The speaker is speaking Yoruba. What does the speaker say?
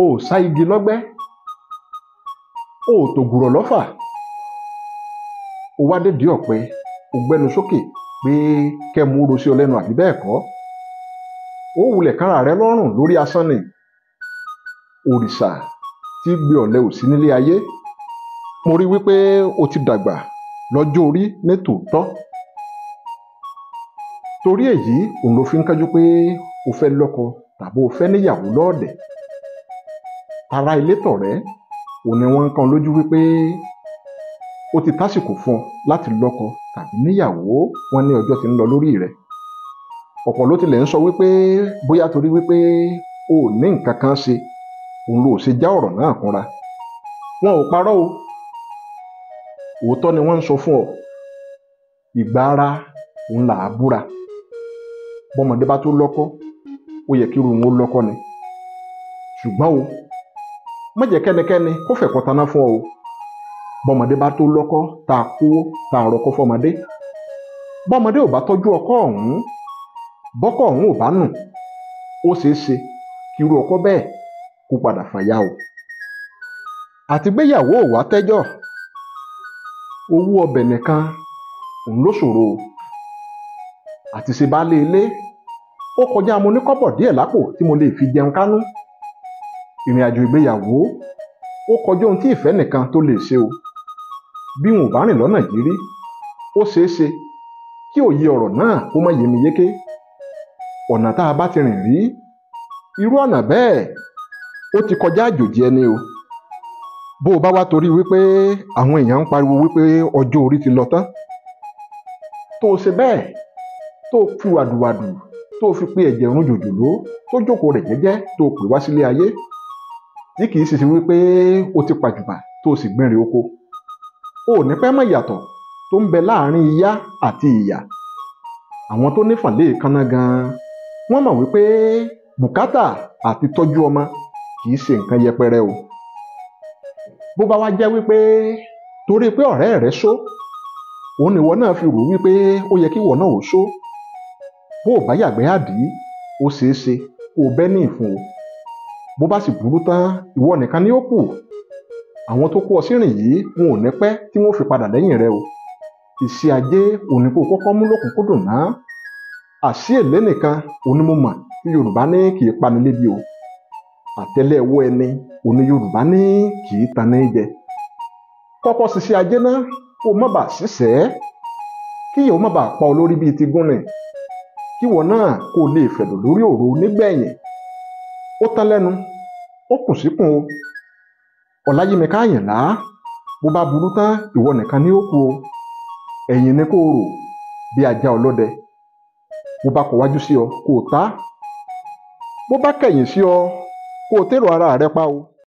o sa igi lọgbẹ o to tògùrọ̀ o wá dédìí ọ̀pẹ o gbẹ́nu sókè pé kẹ́mu ro sí ọ lẹ́nu àbí bẹ́ẹ̀ kọ́ ó wulẹ̀ kára rẹ lọ́rùn lórí asán ni òrìṣà tí gbé ọ̀lẹ ò sí nílé ayé mo rí wípé o ti dàgbà lọ́jọ́ orí ní tòótọ́ torí èyí òun ló fi ń kájú pé o fẹ́ lọ́kọ tàbí o fẹ́ níyàwó lọ́ọ̀dẹ̀ tara ilé tọ̀rẹ́ òun ni wọ́n ń kan lójú wípé ó ti tásìkò fún ọ láti lọ́kọ tàbí níyàwó wọn ní ọjọ́ ti ń lọ lórí rẹ̀ ọ̀pọ̀ ló tilẹ̀ ń sọ wípé bóyá torí wípé o ò ní nǹkan kan ṣe òun ló ṣe já ọ̀rọ̀ náà kúnra wọn ò parọ́ o òótọ́ ni wọ́n ń sọ fún ọ ìgbà ara òun là á búra bọ́mọdé bá tó lọ́kọ ó yẹ kí irun wọn lọ́kọ ni ṣùgbọ́n o má jẹ́ kẹ́nikẹ́ni kó fẹ̀kọ́ taná fún ọ o bọ́mọdé bá tó lọ́kọ́ tá a kówó tá a rọ́kọ́ fọmọdé bọ́mọdé ò bá tọ́jú ọkọ ọ̀hún bọ́kọ̀ ọ̀hún ò bá nù ó ṣeé ṣe kí irú ọkọ bẹ́ẹ̀ kó padà fàyà o àtìgbéyàwó ò wá tẹ́jọ́ owó ọbẹ̀ nìkan òun ló ṣòro àti ṣe baálé ilé ó kọjá mo ní kọ́bọ̀ díẹ̀ lápò tí mo lè fi jẹun kánú ìrìn àjò ìgbéyàwó ó kọjá ohun tí ìfẹ́ nìkan tó lè ṣe o bí wọn ò bá rìn lọ́nà rí ó ṣeé ṣe kí òye ọ̀rọ̀ náà kó má yémi yéké ọ̀nà tá a bá ti rìn rí irú ọ̀nà bẹ́ẹ̀ ó ti kọjá o bó o bá wá torí wípé àwọn èèyàn pariwo wípé ọjọ́ orí ti lọ tán tó o ṣe bẹ́ẹ̀ tó o fu tó o fi pe ẹ̀jẹ̀ run jòjòló tó jókòó rẹ̀ jẹ́jẹ́ tó o pè wá sílé ayé tí kì í sì sí wípé o ti pàjùbà tó o sì gbẹ̀rẹ̀ oko o ò ní pẹ́ mọ̀ ìyàtọ̀ tó ń bẹ láàrin ìyá àti ìyà àwọn tó nífàlẹ́ ìkànnà gan-an wọ́n mọ̀ wípé bùkátà àti tọ́jú ọmọ kì í ṣe nǹkan yẹpẹrẹ o bó bá wá jẹ́ wípé torí pé ọ̀rẹ́ rẹ só òun nìwọ náà fi rò wípé ó yẹ kí ìwọ náà ò só bó o bá yàgbẹ́ àdí ó ṣeé ṣe kó o bẹ́ ní ìfun o bó bá sì burú tán ìwọ nìkan ni ó kù àwọn tó kó ọ sírìn yìí wọn ò ní pẹ́ tí wọ́n fi padà lẹ́yìn rẹ o ìṣe ajé òní kò kọ́kọ́ mú lọ́kùnkúndùn náà àṣì èlé nìkan onímọ̀mọ̀ tí yorùbá ní kì í pani lébi o àtẹ́lẹwọ́ ẹni òní yorùbá ní kì í taní jẹ kọ́kọ́ ṣiṣẹ́ ajé náà kó má bàa ṣiṣẹ́ kí ìyẹn o má bàa pa olórí bíi ti gúnni kí wọn náà kó lè fẹ̀dọ̀ lórí òru nígbẹ̀yìn ó tán lẹ́nu ó kùn síkùn o ọ̀làyímẹ̀ká àyìnlá bó bá burú tán ìwọ nìkan ní òkú o ẹ̀yìn ni kò rò bí ajá ọlọ́dẹ bó bá kọ̀ wájú sí ọ kò tá bó bá kẹ̀yìn sí ọ kò tèrò ara rẹ pa o.